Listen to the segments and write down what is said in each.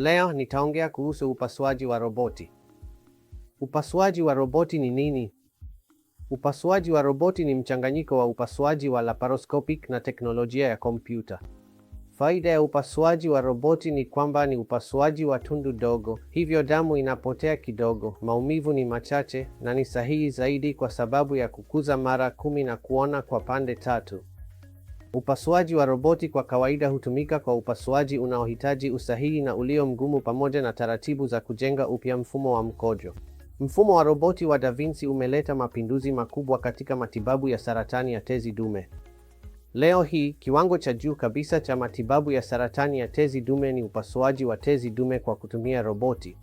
Leo nitaongea kuhusu upasuaji wa roboti. Upasuaji wa roboti ni nini? Upasuaji wa roboti ni mchanganyiko wa upasuaji wa laparoscopic na teknolojia ya kompyuta. Faida ya upasuaji wa roboti ni kwamba ni upasuaji wa tundu dogo, hivyo damu inapotea kidogo, maumivu ni machache na ni sahihi zaidi kwa sababu ya kukuza mara kumi na kuona kwa pande tatu. Upasuaji wa roboti kwa kawaida hutumika kwa upasuaji unaohitaji usahihi na ulio mgumu pamoja na taratibu za kujenga upya mfumo wa mkojo. Mfumo wa roboti wa Da Vinci umeleta mapinduzi makubwa katika matibabu ya saratani ya tezi dume. Leo hii, kiwango cha juu kabisa cha matibabu ya saratani ya tezi dume ni upasuaji wa tezi dume kwa kutumia roboti.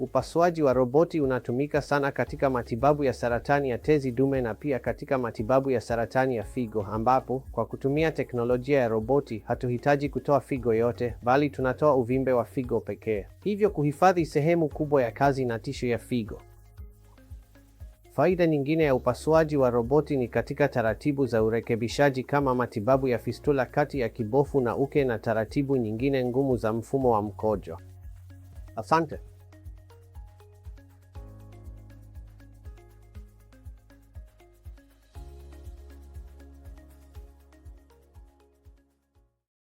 Upasuaji wa roboti unatumika sana katika matibabu ya saratani ya tezi dume na pia katika matibabu ya saratani ya figo, ambapo kwa kutumia teknolojia ya roboti hatuhitaji kutoa figo yote, bali tunatoa uvimbe wa figo pekee, hivyo kuhifadhi sehemu kubwa ya kazi na tishu ya figo. Faida nyingine ya upasuaji wa roboti ni katika taratibu za urekebishaji kama matibabu ya fistula kati ya kibofu na uke na taratibu nyingine ngumu za mfumo wa mkojo. Asante.